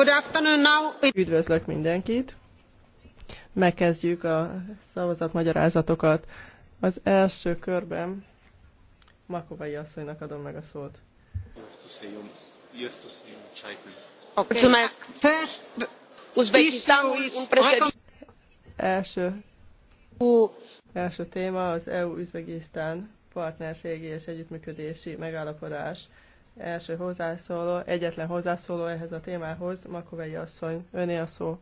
Good afternoon now. Üdvözlök mindenkit. Megkezdjük a szavazatmagyarázatokat. Az első körben Makovai asszonynak adom meg a szót. Első. Első téma az EU-Üzbegisztán partnerségi és együttműködési megállapodás első hozzászóló, egyetlen hozzászóló ehhez a témához, Makovei asszony, öné a szó.